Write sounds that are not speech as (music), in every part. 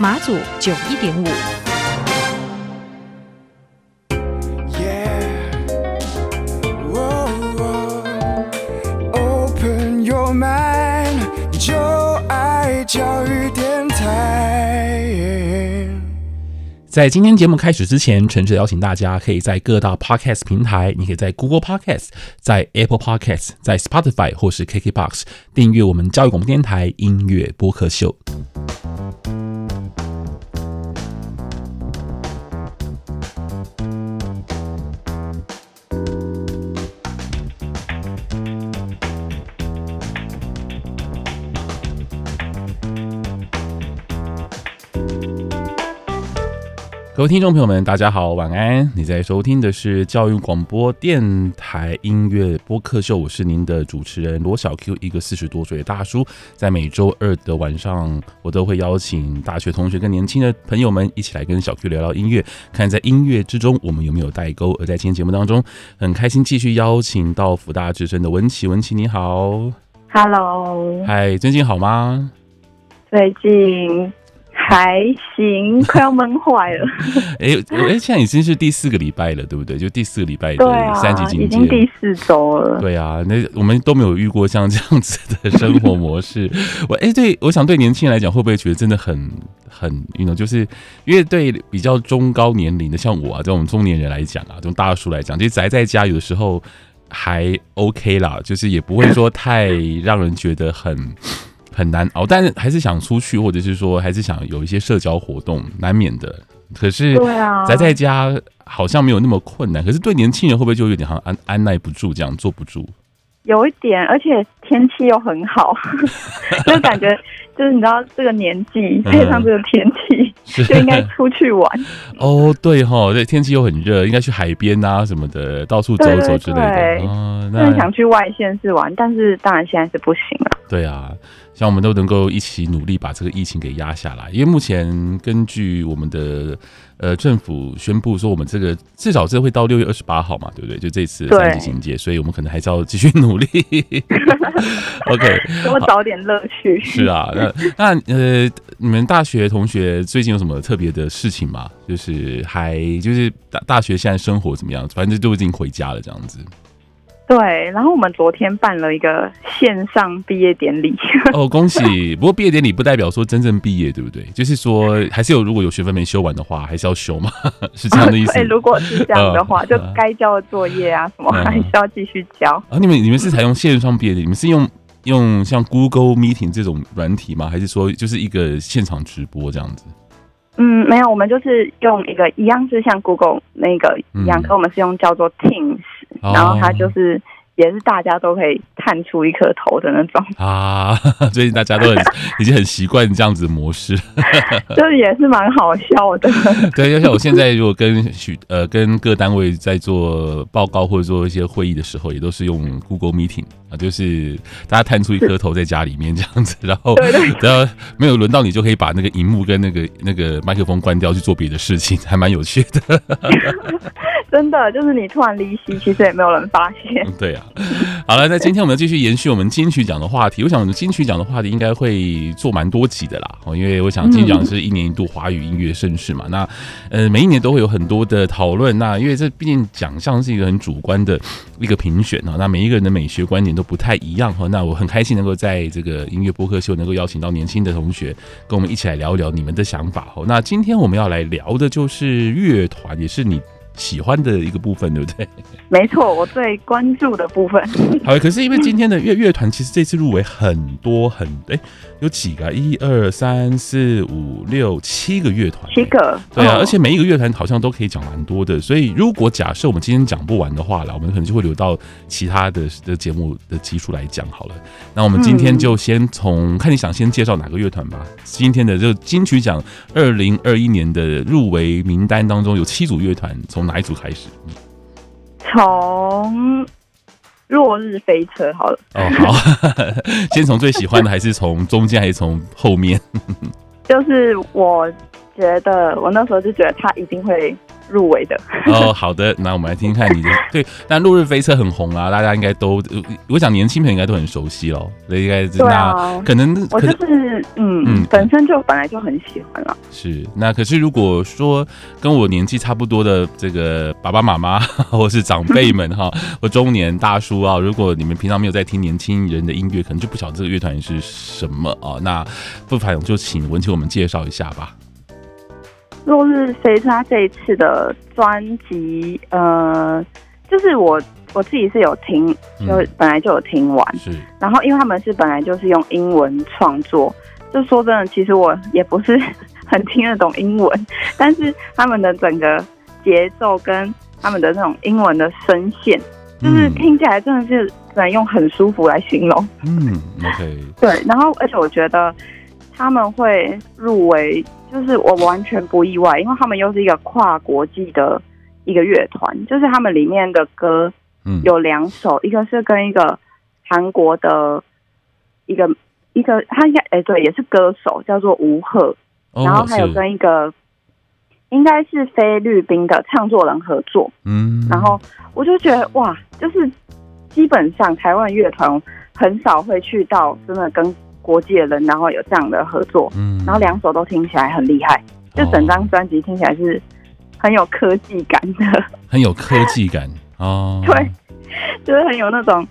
馬祖九一點五。open your mind，就愛教育電台。在今天節目開始之前，誠摯邀請大家可以在各大 Podcast 平臺，你可以在 Google Podcast，在 Apple Podcast，在 Spotify 或是 KKBox，訂閱我們教育廣播電臺音樂播客秀。各位聽眾朋友們，大家好，晚安！你在收聽的是教育廣播電臺音樂播客秀，我是您的主持人羅小 Q，一個四十多歲的大叔。在每周二的晚上，我都會邀請大學同學跟年輕的朋友們一起來跟小 Q 聊聊音樂，看在音樂之中我們有沒有代溝。而在今天節目當中，很開心繼續邀請到輔大之聲的文綺，文綺你好，Hello，嗨，最近好嗎？最近。還行，快要悶壞了。哎、 (laughs) 欸，哎、欸，現在已經是第四個禮拜了，對不對？就第四個禮拜三級警戒。對啊，已經第四周了。對啊，那我們都沒有遇過像這樣子的生活模式。 (laughs) 我哎、欸，對，我想對年輕人來講，會不會覺得真的很很運動？You know, 就是因為對比較中高年齡的，像我、啊、這種中年人來講啊，這種大叔來講，就宅在家有的時候還 OK 啦，就是也不會說太讓人覺得很。 (laughs) 很難熬、哦，但是還是想出去，或者是說還是想有一些社交活動，難免的。可是宅在，在家好像沒有那麼困難，啊、可是對年輕人會不會就有點好像按、按捺不住，這樣坐不住？有一點，而且天氣又很好，就 (laughs) (laughs) 感覺就是你知道這個年紀， (laughs) 配上這個天氣，嗯、 (laughs) 就應該出去玩。是 (laughs) 哦，對哈、哦，對天氣又很熱，應該去海邊啊什麼的，到處走走之類的。嗯，很、哦、想去外縣市玩，但是當然現在是不行了。對啊。像我們都能夠一起努力把這個疫情給壓下來，因為目前根據我們的呃政府宣布說，我們這個至少這會到六月二十八號嘛，對不對？就這次的三級警戒，對所以我們可能還是要繼續努力。 (laughs) OK，多好找點樂趣。是啊，那那呃，你們大學同學最近有什麼特別的事情嗎？就是還就是大大學現在生活怎麼樣？反正都已經回家了，這樣子。對，然後我們昨天辦了一個線上畢業典禮。哦，恭喜！ (laughs) 不過畢業典禮不代表說真正畢業，對不對？就是說，還是有如果有學分沒修完的話，還是要修嘛？ (laughs) 是這樣的意思，哦。對，如果是這樣的話，呃、就該交的作業啊什麼、呃、還是要繼續交。啊、呃，你們你們是採用線上畢業典禮？你們是用用像 Google Meeting 這種軟體嗎？還是說就是一個現場直播這樣子？嗯，沒有，我們就是用一個一樣是像 Google 那個一樣，可，嗯、我們是用叫做 Teams。然後他就是。也是大家都可以探出一顆頭的那種啊！最近大家都很 (laughs) 已經很習慣這樣子的模式， (laughs) 就是也是蠻好笑的。的對，就像我現在如果跟許呃跟各單位在做報告或者做一些會議的時候，也都是用 Google Meeting 啊，就是大家探出一顆頭在家裡面是這樣子，然後然後沒有輪到你，就可以把那個熒幕跟那個那個麥克風關掉去做別的事情，還蠻有趣的。 (laughs) (laughs) 真的，就是你突然離席，其實也沒有人發現。對啊。好了，那今天我們要繼續延續我們金曲獎的話題。我想我們金曲獎的話題應該會做蠻多集的啦。因為我想金曲獎是一年一度華語音樂盛事嘛。那呃，每一年都會有很多的討論。那因為這畢竟獎項是一個很主觀的一個評選，那每一個人的美學觀點都不太一樣哈。那我很開心能夠在這個音樂播客秀能夠邀請到年輕的同學跟我們一起來聊一聊你們的想法哈。那今天我們要來聊的就是樂團，也是你。喜歡的一個部分，對不對？沒錯，我最關注的部分。好，可是因為今天的樂樂團其實這次入圍很多很，哎、欸，有幾個、啊？一二三四五六七個樂團，欸？七個？對啊，而且每一個樂團好像都可以講蠻多的，所以如果假設我們今天講不完的話了，我們可能就會留到其他的的節目的基礎來講好了。那我們今天就先從、嗯、看你想先介紹哪個樂團吧。今天的就金曲獎二零二一年的入圍名單當中有七組樂團從哪一組開始？從《落日飛車》好了。哦，好， (laughs) 先從最喜歡的，還是從中間， (laughs) 還是從後面？就是我覺得，我那時候就覺得他一定會，入圍的哦，好的，那我們來聽聽看你的 (laughs) 對，但《落日飛車》很紅啊，大家應該都，我想年輕朋友應該都很熟悉哦，那應該、啊、那可能，可能我就是嗯嗯，本身，嗯本身就本來就很喜歡了。是，那可是如果說跟我年紀差不多的這個爸爸媽媽或是長輩們哈， (laughs) 或中年大叔啊，如果你們平常沒有在聽年輕人的音樂，可能就不曉得這個樂團是什麼哦。那不妨就請文綺我們介紹一下吧。落日飛車這一次的專輯，呃，就是我我自己是有聽，嗯、就本來就有聽完。是，然後因為他們是本來就是用英文創作，就說真的，其實我也不是很聽得懂英文，但是他們的整個節奏跟他們的那種英文的聲線，嗯、就是聽起來真的是只能用很舒服來形容。嗯，OK。對，然後而且我覺得他們會入圍。就是我完全不意外，因為他們又是一個跨國際的一個樂團，就是他們裡面的歌有兩首，嗯、一個是跟一個韓國的一個一個他應該哎、欸、對，也是歌手叫做吳赫，oh, 然後還有跟一個是應該是菲律賓的唱作人合作，嗯，然後我就覺得哇，就是基本上台灣樂團很少會去到真的跟，國際的人，然後有這樣的合作，嗯、然後兩首都聽起來很厲害，哦、就整張專輯聽起來是很有科技感的，很有科技感哦。 (laughs) 對，就是很有那種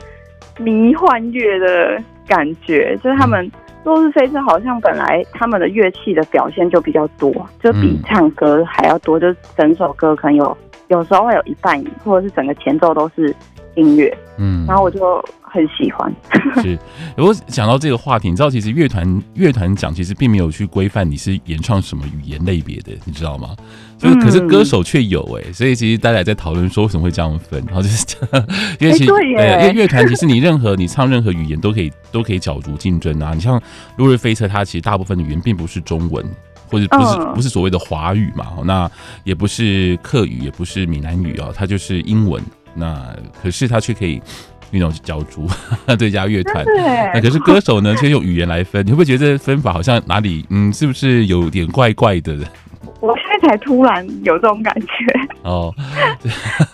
迷幻樂的感覺。就是他們、嗯、落日飛車，好像本來他們的樂器的表現就比較多，就比唱歌還要多，就整首歌可能有有時候會有一半，或者是整個前奏都是。音樂，嗯，然後我就很喜歡。是，如果講到這個話題，你知道，其實樂團樂團講，其實並沒有去規範你是演唱什麼語言類別的，你知道嗎？就是，可是歌手卻有哎、欸，所以其實大家在討論說為什麼會這樣分，然後就是，呵呵因為其實、欸、對，對，因為樂團其實你任何你唱任何語言都可以，都可以角逐競爭啊。你像《落日飛車》，它其實大部分的語言並不是中文，或者不是不是所謂的華語嘛，那也不是客語，也不是閩南語啊，它就是英文。那可是他卻可以運動去教豬最佳樂團，是那可是歌手呢卻 (laughs) 用語言來分，你會不會覺得分法好像哪裡嗯，是不是有點怪怪的？我現在才突然有這種感覺哦，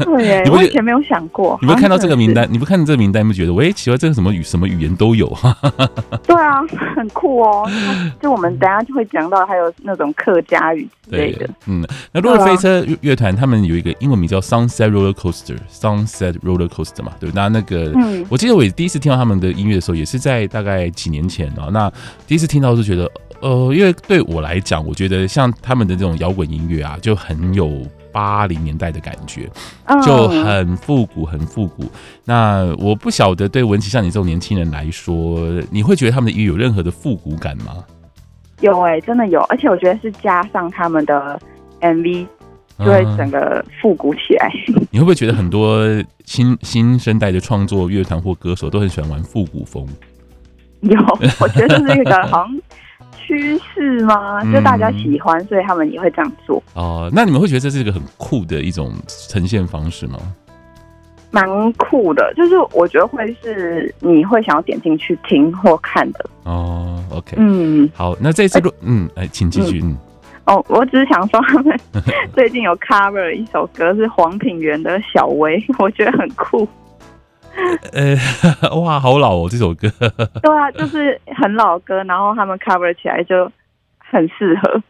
對，哎，我以前沒有想過。 (laughs) 你不會看到這個名單，像你不會看到這個名單，你不覺得，喂，奇怪，這個什麼語，什麼語言都有， (laughs) 對啊，很酷哦。 (laughs) 就我們等下就會講到，還有那種客家語之類的。嗯，那《落日飛車》樂團他們有一個英文名叫 Sunset Rollercoaster，Sunset Rollercoaster 嘛，對。那那個，嗯、我記得我也第一次聽到他們的音樂的時候，也是在大概幾年前啊、哦。那第一次聽到是覺得。呃，因為對我來講，我覺得像他們的這種搖滾音樂啊，就很有八零年代的感覺，就很復古，很復古。嗯、那我不曉得，對文綺像你這種年輕人來說，你會覺得他們的音樂有任何的復古感嗎？有哎、欸，真的有，而且我覺得是加上他們的 MV，就會整個復古起來、嗯。你會不會覺得很多新新生代的創作樂團或歌手都很喜歡玩復古風？有，我覺得那個好像。趨勢嗎？就大家喜歡，嗯、所以他們也會這樣做。哦，那你們會覺得這是一個很酷的一種呈現方式嗎？蠻酷的，就是我覺得會是你會想要點進去聽或看的。哦，OK，嗯，好，那這一次、欸、嗯，哎，請繼續、嗯。哦，我只是想說，他們最近有 cover 一首歌，是黃品源的《小薇》，我覺得很酷。呃、欸，哇，好老哦，這首歌。對啊，就是很老歌，然後他們 cover 起來就很適合。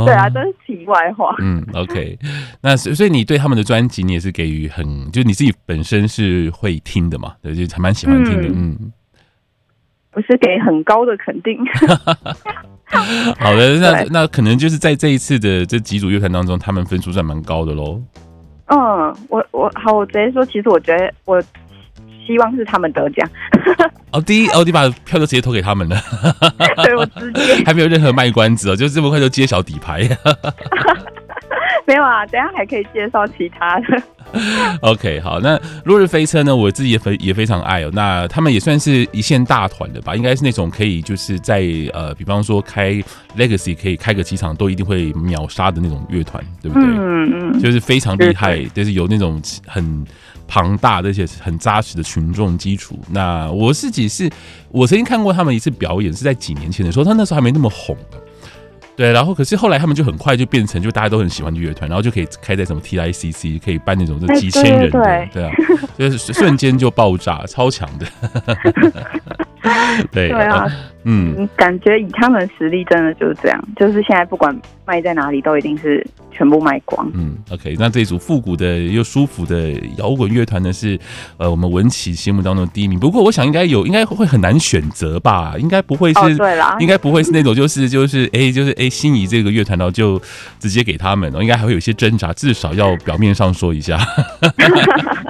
哦、 (laughs) 對啊，都是題外話。嗯，OK，那所以，所以你對他們的專輯，你也是給予很，就是你自己本身是會聽的嘛，對就還蠻喜歡聽的。嗯，不、嗯、是給很高的肯定。 (laughs) 好的，那對那可能就是在這一次的這幾組樂團當中，他們分數算蠻高的嘍。嗯，我我好，我直接說，其實我覺得我。希望是他們得獎哦。第一，迪、哦、把票就直接投給他們了。對我直接還沒有任何賣關子哦，就這麼快就揭曉底牌。 (laughs) 沒有啊，等一下還可以介紹其他的。OK，好，那落日飛車呢？我自己也非也非常愛哦。那他們也算是一線大團的吧？應該是那種可以就是在呃，比方說開 Legacy 可以開個幾場都一定會秒殺的那種樂團，對不對？嗯嗯。嗯，就是非常厲害，就是，的是有那種很。龐大的一些很扎實的群眾基礎。那我自己是，我曾經看過他們一次表演，是在幾年前的時候，他那時候還沒那麼紅的，對。然後，可是後來他們就很快就變成，就大家都很喜歡的樂團，然後就可以開在什麼 T I C C，可以辦那種就幾千人對、對、對、對啊，對，就是瞬間就爆炸， (laughs) 超強強的， (laughs) 對，對啊。嗯，感覺以他們實力，真的就是這樣，就是現在不管賣在哪裡，都一定是全部賣光。嗯，OK，那這一組復古的又舒服的搖滾樂團呢，是呃我們文綺心目當中的第一名。不過我想應該有，應該會很難選擇吧？應該不會是，哦、對啦，應該不會是那種就是就是哎、欸、就是哎心儀這個樂團呢，然後就直接給他們哦，應該還會有些掙扎，至少要表面上說一下。 (laughs)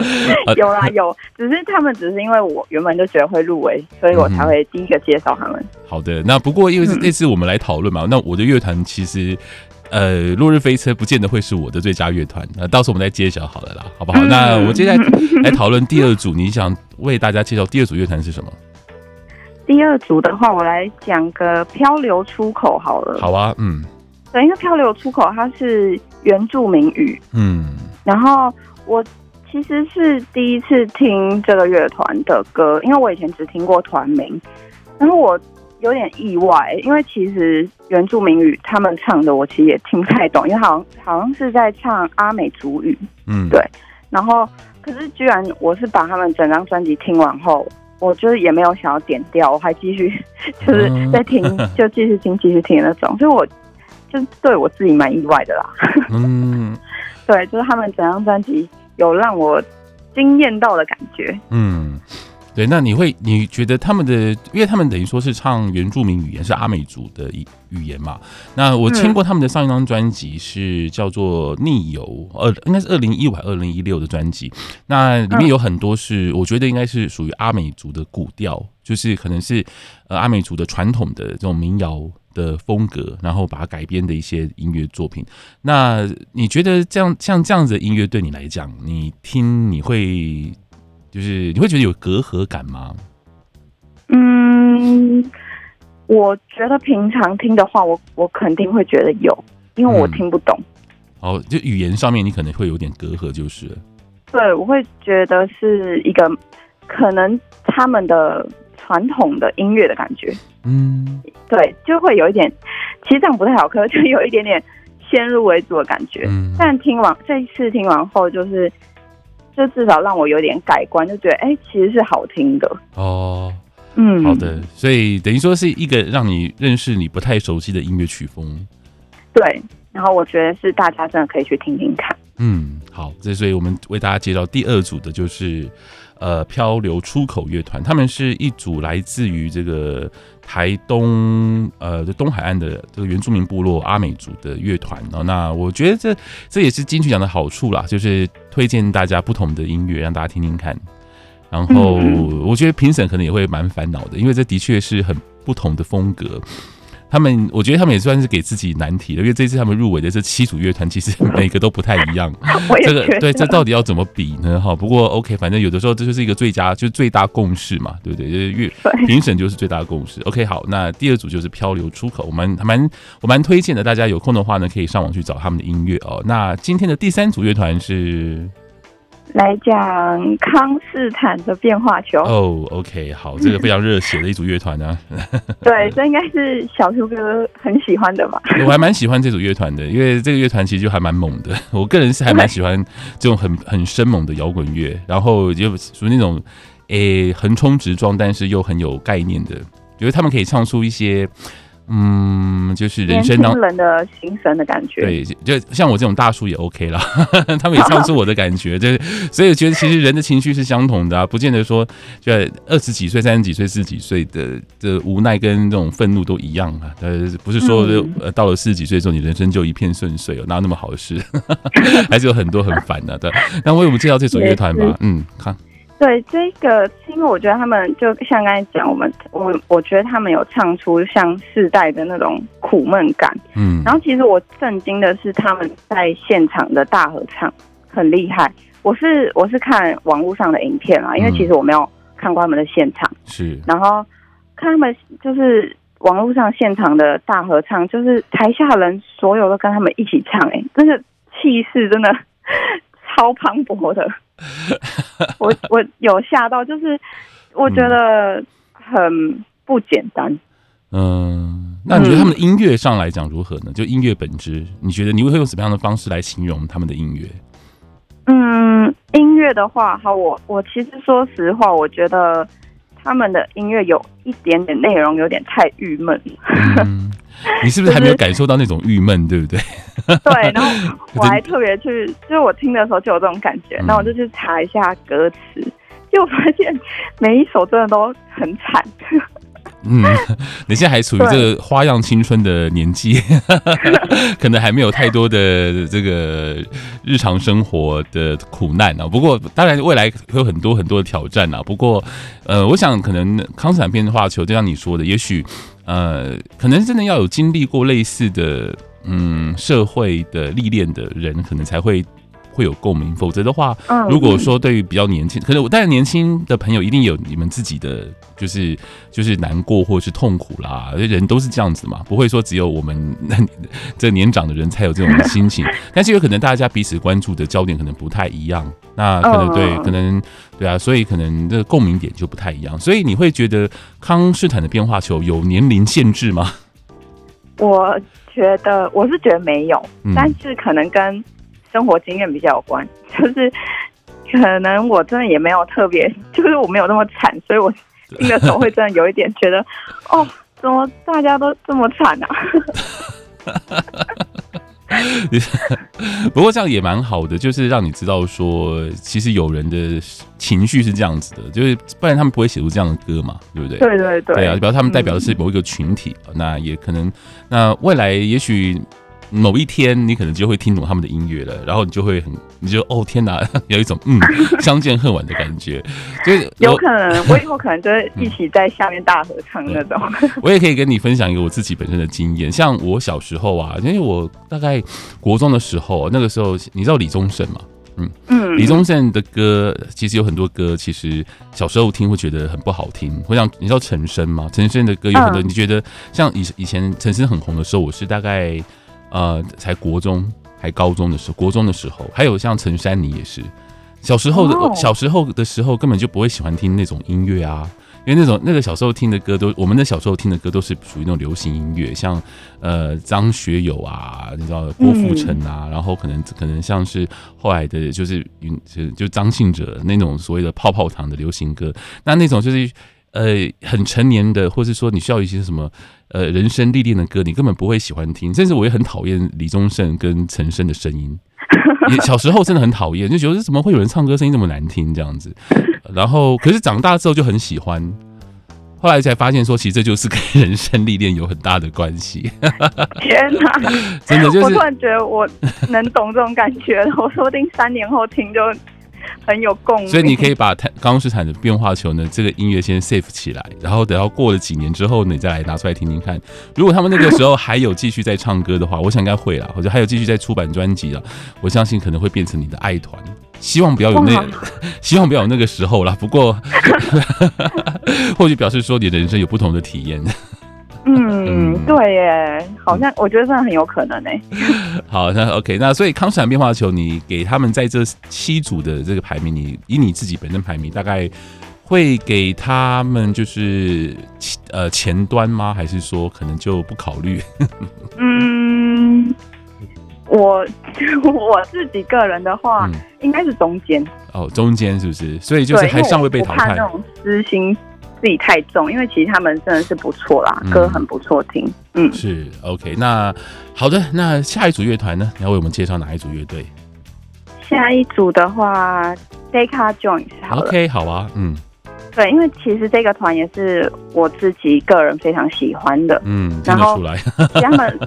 (laughs) 有啦有，只是他們只是因為我原本就覺得會入圍，所以我才會第一個介紹他們。好的，那不過因為這次我們來討論嘛，嗯、那我的樂團其實，呃，落日飛車不見得會是我的最佳樂團，那到時候我們再揭曉好了啦，好不好？嗯、那我接下來來討論第二組，你想為大家介紹第二組樂團是什麼？第二組的話，我來講個漂流出口好了，好啊，嗯，等一個漂流出口，它是原住民語，嗯，然後我其實是第一次聽這個樂團的歌，因為我以前只聽過團名。但是我有點意外，因為其實原住民語他們唱的，我其實也聽不太懂，因為好像好像是在唱阿美族語，嗯，對。然後，可是居然我是把他們整張專輯聽完後，我就是也沒有想要點掉，我還繼續就是在聽，嗯、就繼續聽，繼續聽的那種。所以我就對我自己蠻意外的啦。嗯， (laughs) 對，就是他們整張專輯有讓我驚艷到的感覺。嗯。對，那你會你覺得他們的，因為他們等於說是唱原住民語言，是阿美族的語語言嘛？那我聽過他們的上一張專輯是叫做《逆游》，應該是二零一五還是二零一六的專輯。那裡面有很多是，我覺得應該是屬於阿美族的古調，就是可能是呃阿美族的傳統的這種民謠的風格，然後把它改編的一些音樂作品。那你覺得這樣像這樣子的音樂對你來講，你聽你會？就是你會覺得有隔閡感嗎？嗯，我覺得平常聽的話，我我肯定會覺得有，因為我聽不懂。嗯。哦，就語言上面你可能會有點隔閡，就是。對，我會覺得是一個可能他們的傳統的音樂的感覺。嗯，對，就會有一點，其實這樣不太好，可能就有一點點先入為主的感覺。嗯，但聽完這一次聽完後，就是。就至少讓我有點改觀，就覺得哎、欸，其實是好聽的哦。嗯，好的，所以等於說是一個讓你認識你不太熟悉的音樂曲風。對，然後我覺得是大家真的可以去聽聽看。嗯，好，這所以我們為大家介紹第二組的就是呃漂流出口樂團，他們是一組來自於這個台東呃東海岸的這個原住民部落阿美族的樂團哦。那我覺得這這也是金曲獎的好處啦，就是。推薦大家不同的音樂，讓大家聽聽看。然後，我覺得評審可能也會蠻煩惱的，因為這的確是很不同的風格。他們，我覺得他們也算是給自己難題了，因為這次他們入圍的這七組樂團，其實每一個都不太一樣。 (laughs) 覺這個對，這到底要怎麼比呢？哈，不過 OK，反正有的時候這就是一個最佳，就是最大共識嘛，對不對,對？就是樂評審就是最大共識。OK，好，那第二組就是漂流出口，我們還蠻我蠻推薦的，大家有空的話呢，可以上網去找他們的音樂哦。那今天的第三組樂團是。來講康斯坦的變化球哦、oh，OK，好，這個非常熱血的一組樂團呢。 (laughs) 對，這應該是小圖哥很喜歡的嘛？我還蠻喜歡這組樂團的，因為這個樂團其實就還蠻猛的。我個人是還蠻喜歡這種很很生猛的搖滾樂，然後就屬於那種誒橫衝直撞，但是又很有概念的。比如他們可以唱出一些。嗯，就是人生當中人的心聲的感覺。對，就像我這種大叔也 OK 啦，呵呵他們也唱出我的感覺。好好，就所以我覺得，其實人的情緒是相同的、啊，不見得說就二十幾歲、三十幾歲、四十幾歲的的無奈跟這種憤怒都一樣啊。呃，不是說、呃、到了四十幾歲之後，你人生就一片順遂哦，哪有那麼好的事？嗯、還是有很多很煩的、啊。對，那為我們介紹這組樂團吧。是嗯，看。對這個，因為我覺得他們就像剛才講我，我們我我覺得他們有唱出像世代的那種苦悶感，嗯。然後其實我震驚的是他們在現場的大合唱很厲害，我是我是看網絡上的影片啊，嗯、因為其實我沒有看過他們的現場，是。然後看他們就是網絡上現場的大合唱，就是台下的人所有都跟他們一起唱、欸，哎，真的氣勢真的超磅礴的。 (laughs) 我我有嚇到，就是我覺得很不簡單。嗯，那你覺得他們的音樂上來講如何呢？嗯、就音樂本質，你覺得你會用什麼樣的方式來形容他們的音樂？嗯，音樂的話，好，我我其實說實話，我覺得。他們的音樂有一點點內容，有點太鬱悶，嗯。你是不是還沒有感受到那種鬱悶，對不對？就是、對，然後我還特別去，就是我聽的時候就有這種感覺，嗯、那我就去查一下歌詞，就發現每一首真的都很慘。嗯，你現在還處於這個花樣青春的年紀，對 (laughs) 可能還沒有太多的這個日常生活的苦難啊，不過，當然未來會有很多很多的挑戰啊，不過，呃，我想可能康斯坦丁的話，就就像你說的，也許呃，可能真的要有經歷過類似的嗯社會的歷練的人，可能才會。會有共鳴，否則的話，嗯、如果說對於比較年輕，可是我當然年輕的朋友一定有你們自己的，就是就是難過或者是痛苦啦，人都是這樣子嘛，不會說只有我們這年長的人才有這種心情， (laughs) 但是有可能大家彼此關注的焦點可能不太一樣，那可能對，嗯、可能對啊，所以可能這個共鳴點就不太一樣，所以你會覺得康士坦的變化球有年齡限制嗎？我覺得我是覺得沒有，嗯、但是可能跟。生活經驗比較有關，就是可能我真的也沒有特別，就是我沒有那麼慘，所以我聽的時候會真的有一點覺得， (laughs) 哦，怎麼大家都這麼慘啊？ (laughs) 不過這樣也蠻好的，就是讓你知道說，其實有人的情緒是這樣子的，就是不然他們不會寫出這樣的歌嘛，對不對？對對對。對啊，比如他們代表的是某一個群體，嗯、那也可能，那未來也許。某一天，你可能就會聽懂他們的音樂了，然後你就會很，你就哦天哪，有一種嗯相見恨晚的感覺，就有可能，我以後可能就一起在下面大合唱那種、嗯。我也可以跟你分享一個我自己本身的經驗，像我小時候啊，因為我大概國中的時候、啊，那個時候你知道李宗盛嗎？嗯，嗯，李宗盛的歌其實有很多歌，其實小時候聽會覺得很不好聽。我想你知道陳昇嗎？陳昇的歌有很多，嗯、你覺得像以以前陳昇很紅的時候，我是大概。呃，才國中還高中的時候，國中的時候，還有像陳珊妮也是，小時候的、Oh. 小時候的時候根本就不會喜歡聽那種音樂啊，因為那種那個小時候聽的歌都，我們的小時候聽的歌都是屬於那種流行音樂，像呃張學友啊，你知道的郭富城啊，嗯、然後可能可能像是後來的就是就張信哲那種所謂的泡泡糖的流行歌，那那種就是。呃，很成年的，或是說你需要一些什麼呃人生歷練的歌，你根本不會喜歡聽。甚至我也很討厭李宗盛跟陳升的聲音， (laughs) 你小時候真的很討厭，就覺得怎麼會有人唱歌聲音這麼難聽這樣子。呃。然後，可是長大之後就很喜歡，後來才發現說，其實這就是跟人生歷練有很大的關係。 (laughs) 天哪、啊，真的、就是，我突然覺得我能懂這種感覺 (laughs) 我說不定三年後聽就。很有共鳴，所以你可以把他剛出坦的變化球呢，這個音樂先 save 起來，然後等到過了幾年之後呢，你再來拿出來聽聽看。如果他們那個時候還有繼續在唱歌的話，我想應該會啦，或者還有繼續在出版專輯啦。我相信可能會變成你的愛團，希望不要有那個，好希望不要有那個時候啦。不過， (laughs) 或許表示說你的人生有不同的體驗。嗯，對誒，好像我覺得真的很有可能誒、欸。好，那 OK，那所以康士坦的變化球，你給他們在這七組的這個排名，你以你自己本身排名，大概會給他們就是呃前端嗎？還是說可能就不考慮？嗯，我我自己個人的話，嗯、應該是中間。哦，中間是不是？所以就是還尚未被淘汰那種私心。自己太重，因為其實他們真的是不錯啦，嗯、歌很不錯聽。嗯，是 OK 那。那好的，那下一組樂團呢，你要為我們介紹哪一組樂隊？下一組的話、嗯、Deca Joins。OK，好啊。嗯，對，因為其實這個團也是我自己個人非常喜歡的。嗯，來然後他們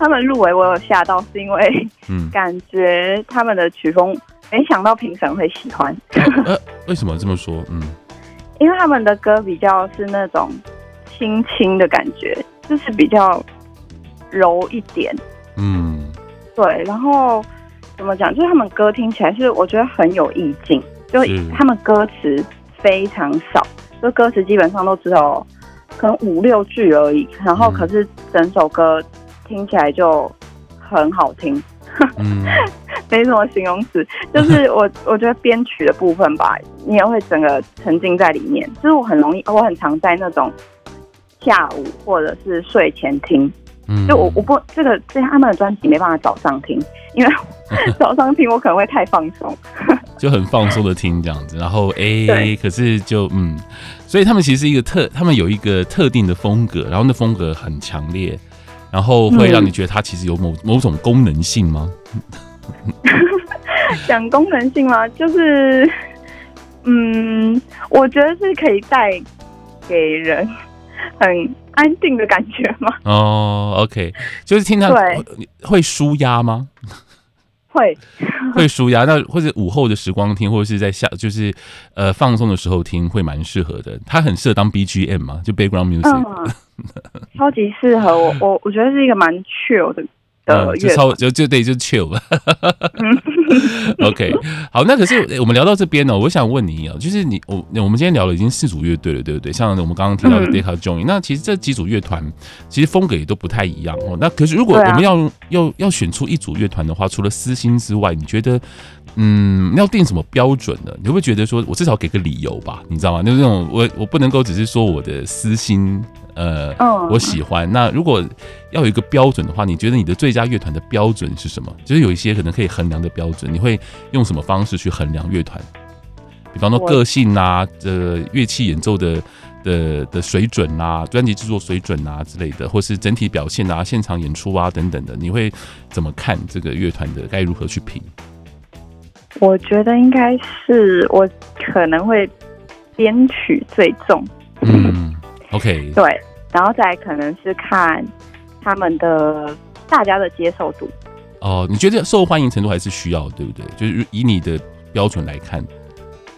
(laughs) 他們入圍我有嚇到，是因為嗯，感覺他們的曲風，沒想到評審會喜歡、啊啊。為什麼這麼說？嗯。因為他們的歌比較是那種輕輕的感覺，就是比較柔一點。嗯，對。然後怎麼講？就是他們歌聽起來是我覺得很有意境，就他們歌詞非常少，嗯、就歌詞基本上都只有可能五六句而已。然後可是整首歌聽起來就很好聽。嗯 (laughs) 沒什麼形容詞，就是我我覺得編曲的部分吧，你也會整個沉浸在裡面。就是我很容易，我很常在那種下午或者是睡前聽。嗯，就我我不這個這他們的專輯沒辦法早上聽，因為早上聽我可能會太放鬆，就很放鬆的聽這樣子。然後哎，欸、對可是就嗯，所以他們其實一個特，他們有一個特定的風格，然後那風格很強烈，然後會讓你覺得它其實有某某種功能性嗎？講 (laughs) 功能性嗎？就是，嗯，我覺得是可以帶給人很安靜的感覺嗎？哦、oh，OK，就是聽到會舒壓嗎？對會，會舒壓。 (laughs) 那或者午後的時光聽，或者是在下，就是呃放鬆的時候聽，會蠻適合的。它很適合當 BGM 嘛，就 background music。嗯、超級適合我， (laughs) 我我覺得是一個蠻 chill 的。呃、嗯，就超就就對，就 chill。嗯 (laughs) ，OK，好，那可是、欸、我們聊到這邊呢、喔，我想問你一、喔、樣，就是你我我們今天聊了已經四組樂隊了，對不對？像我們剛剛聽到的 Deca Joins、嗯、那其實這幾組樂團其實風格也都不太一樣哦、喔。那可是如果我們要、啊、要要選出一組樂團的話，除了私心之外，你覺得嗯要定什麼標準呢？你會不會覺得說，我至少給個理由吧，你知道嗎？就是那種我我不能夠只是說我的私心。呃，oh. 我喜歡。那如果要有一個標準的話，你覺得你的最佳樂團的標準是什麼？就是有一些可能可以衡量的標準，你會用什麼方式去衡量樂團？比方說個性啊，我、呃、樂器演奏的的的水準啊，專輯制作水準啊之類的，或是整體表現啊，現場演出啊等等的，你會怎麼看這個樂團的？該如何去評？我覺得應該是我可能會編曲最重。嗯 OK，對，然後再可能是看他們的大家的接受度。哦、呃，你覺得受歡迎程度還是需要，對不對？就是以你的標準來看，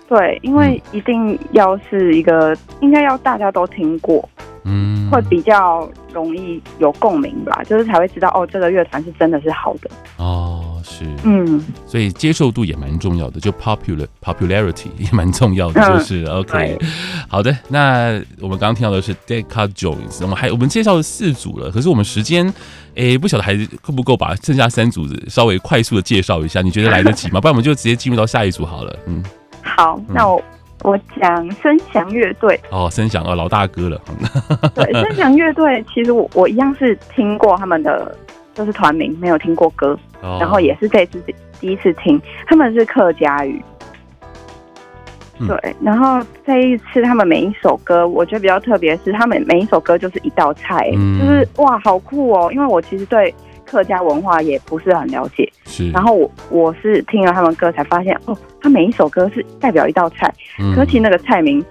對，因為一定要是一個，嗯、應該要大家都聽過。嗯，會比較容易有共鳴吧，就是才會知道哦，這個樂團是真的是好的哦，是，嗯，所以接受度也蠻重要的，就 popular popularity 也蠻重要的，就是、嗯、OK，對好的，那我們剛剛聽到的是 Deca Joins，我們還我們介紹了四組了，可是我們時間，哎、欸，不曉得還夠不夠吧，剩下三組稍微快速的介紹一下，你覺得來得及嗎？ (laughs) 不然我們就直接進入到下一組好了，嗯，好，嗯、那我。我講生祥樂隊哦，生祥啊，老大哥了。 (laughs) 對，生祥樂隊其實我我一樣是聽過他們的，就是團名沒有聽過歌，哦、然後也是這一次第一次聽，他們是客家語。嗯、對，然後這一次他們每一首歌，我覺得比較特別，是他們每一首歌就是一道菜，嗯、就是哇，好酷哦！因為我其實對。客家文化也不是很了解，是然後我我是聽了他們歌，才發現，哦，他每一首歌是代表一道菜，嗯、可是那個菜名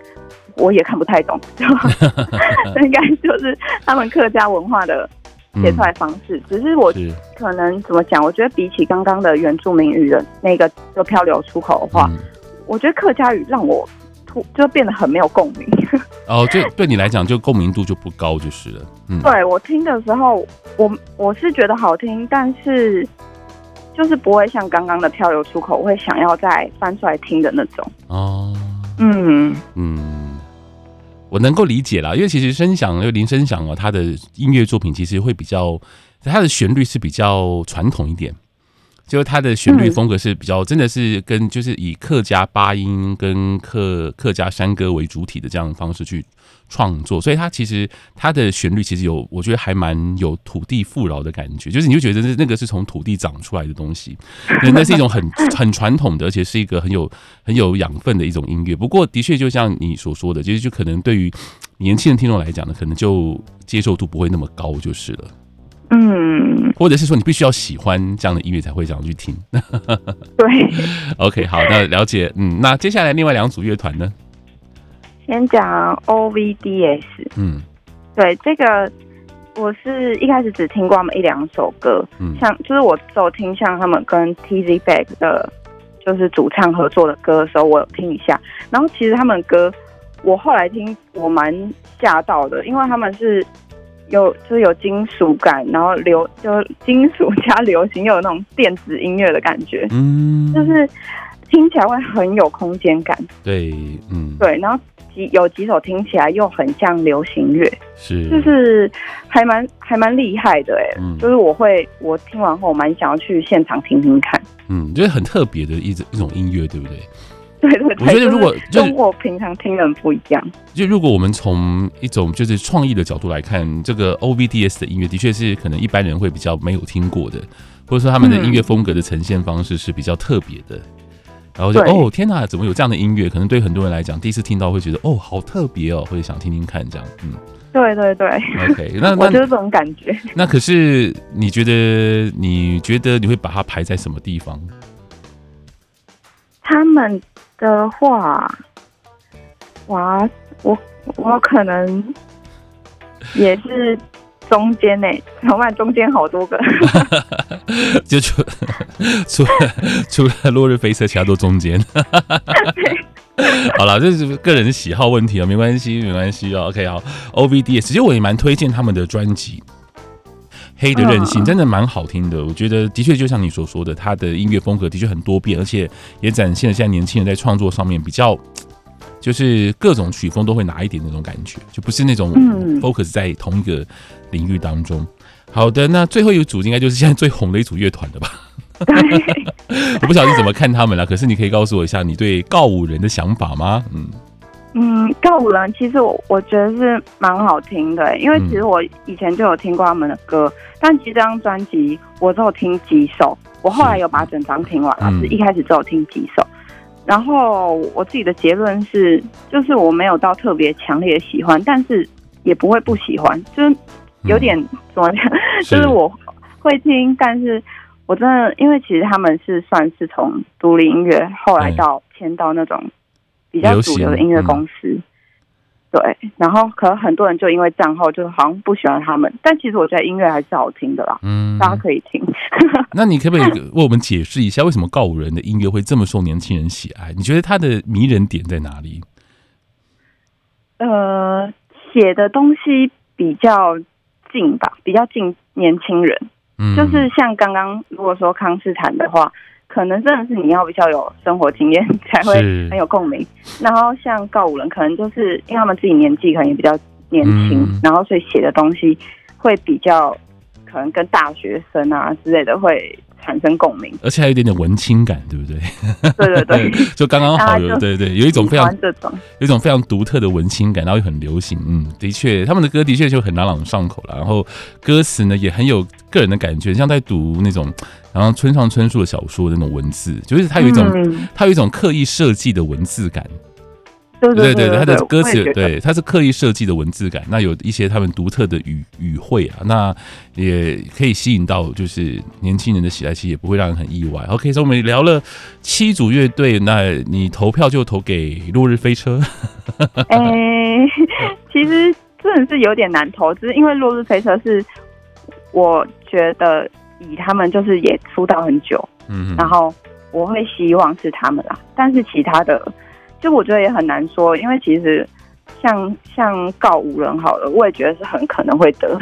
我也看不太懂， (laughs) 應該就是他們客家文化的寫出來方式。嗯、只是我可能怎麼講，我覺得比起剛剛的原住民語的那個就漂流出口的話，嗯、我覺得客家語讓我。就變得很沒有共鳴哦，就對你來講，就共鳴度就不高，就是了。嗯，對，我聽的時候，我我是覺得好聽，但是就是不會像剛剛的《漂流出口》，我會想要再翻出來聽的那種。哦，嗯嗯，我能夠理解啦，因為其實生祥，就林生祥哦，他的音樂作品其實會比較，他的旋律是比較傳統一點。就是它的旋律風格是比較，真的是跟就是以客家八音跟客客家山歌為主體的這樣的方式去創作，所以它其實它的旋律其實有，我覺得還蠻有土地富饒的感覺，就是你就覺得是那個是從土地長出來的東西，那是一種很很傳統的，而且是一個很有很有養分的一種音樂。不過的確，就像你所說的，其實就可能對於年輕人聽眾來講呢，可能就接受度不會那麼高，就是了。嗯，或者是說你必須要喜歡這樣的音樂才會想要去聽，對。 (laughs) OK，好，那了解。嗯，那接下來另外兩組樂團呢？先講 O V D S。嗯，對，這個我是一開始只聽過他們一兩首歌，嗯、像就是我有聽像他們跟 Tizzy Bac 的，就是主唱合作的歌的時候，我有聽一下。然後其實他們歌，我後來聽我蠻嚇到的，因為他們是。有就是有金屬感，然後流就金屬加流行，又有那種電子音樂的感覺，嗯，就是聽起來會很有空間感，對，嗯，對，然後幾有幾首聽起來又很像流行樂，是，就是還蠻還蠻厲害的哎，欸，嗯，就是我會我聽完後蠻想要去現場聽聽看，嗯，就是很特別的一種一種音樂，對不對？對，對對，我覺得如果就我、是就是，平常聽的人不一樣，就如果我們從一種就是創意的角度來看，這個 O V D S 的音樂的確是可能一般人會比較沒有聽過的，或者說他們的音樂風格的呈現方式是比較特別的。嗯、然後就對哦天哪，怎麼有這樣的音樂？可能對很多人來講，第一次聽到會覺得哦好特別哦，或者想聽聽看這樣。嗯，對對對，OK，那，那我覺得這種感覺。那可是你覺得你覺得你會把它排在什麼地方？他們。的話，哇，我我可能也是中間呢、欸，怎麼中間好多個， (laughs) 就除了除了除了落日飛車，其他都中間。 (laughs) 好了，這、就是個人喜好問題啊。喔，沒關係，沒關係哦、喔。OK 啊，OVDS，其實我也蠻推薦他們的專輯。黑的任性真的蠻好聽的，我覺得的確就像你所說的，他的音樂風格的確很多變，而且也展現了現在年輕人在創作上面比較就是各種曲風都會拿一點那種感覺，就不是那種 focus 在同一個領域當中。嗯、好的，那最後一個組應該就是現在最紅的一組樂團的吧？是 (laughs) 我不曉得怎麼看他們了，可是你可以告訴我一下你對告五人的想法嗎？嗯。嗯，告五人其實我我覺得是蠻好聽的、欸，因為其實我以前就有聽過他們的歌，嗯、但其實這張專輯我只有聽幾首，我後來有把整張聽完了，是，是一開始只有聽幾首，嗯、然後我自己的結論是，就是我沒有到特別強烈的喜歡，但是也不會不喜歡，就是有點、嗯、怎麼講，是就是我會聽，但是我真的因為其實他們是算是從獨立音樂後來到簽、嗯、到那種。比較主流的音樂公司，嗯、對，然後可能很多人就因為賬號，就好像不喜歡他們，但其實我覺得音樂還是好聽的啦，嗯、大家可以聽。那你可不可以為我們解釋一下，為什麼告五人的音樂會這麼受年輕人喜愛？ (laughs) 你覺得他的迷人點在哪裡？呃，寫的東西比較近吧，比較近年輕人，嗯、就是像剛剛如果說康士坦的話。可能真的是你要比較有生活經驗才會很有共鳴，是然後像告五人可能就是因為他們自己年紀可能也比較年輕，嗯、然後所以寫的東西會比較可能跟大學生啊之類的會。產生共鳴，而且還有一點點文青感，對不對？對對對， (laughs) 就剛剛好有、啊、對，對對，有一種非常，種，有一種非常獨特的文青感，然後又很流行。嗯，的確，他們的歌的確就很朗朗上口了，然後歌詞呢也很有個人的感覺，像在讀那種，然後村上春樹的小說的那種文字，就是它有一種、嗯、它有一種刻意設計的文字感。對對，對對對，對對對對對，他的歌詞對，他是刻意設計的文字感，嗯、那有一些他們獨特的語語彙啊，那也可以吸引到就是年輕人的喜愛，其實也不會讓人很意外。OK，所以我們聊了七組樂隊，那你投票就投給落日飛車。哎、 (laughs) 欸，其實真的是有點難投，只是因為落日飛車是我覺得以他們就是也出道很久，嗯哼，然後我會希望是他們啦，但是其他的。就我覺得也很難說，因為其實像像告五人好了，我也覺得是很可能會得。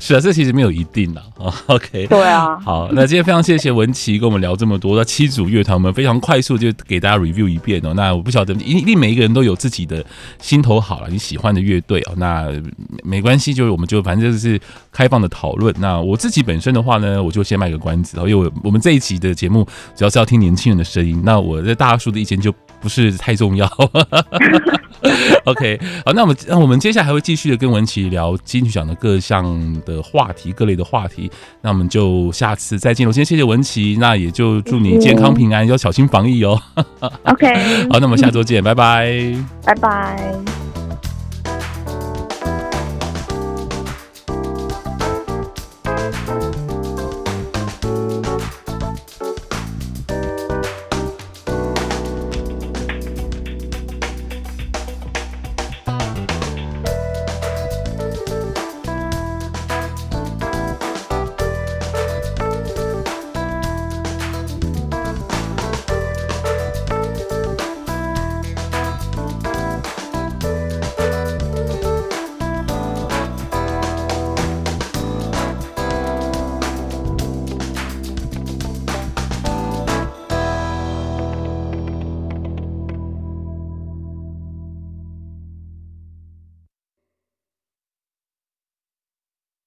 是啊，這其實沒有一定的啊。OK，對啊。好，那今天非常謝謝文綺跟我們聊這麼多七組樂團，我們非常快速就給大家 review 一遍哦、喔。那我不曉得一定每一個人都有自己的心頭好啊，你喜歡的樂隊哦。那沒關係，就是我們就反正就是開放的討論。那我自己本身的話呢，我就先賣個關子哦，因為我我們這一期的節目主要是要聽年輕人的聲音，那我在大叔的意見就不是太重要。 (laughs) (laughs) OK，好，那我們那我們接下來還會繼續的跟文綺聊金曲獎的各項。的話題，各類的話題，那我們就下次再見。我先謝謝文綺。那也就祝你健康平安，嗯、要小心防疫哦。 (laughs) OK，好，那麼下周見，拜拜 (laughs) bye，拜拜。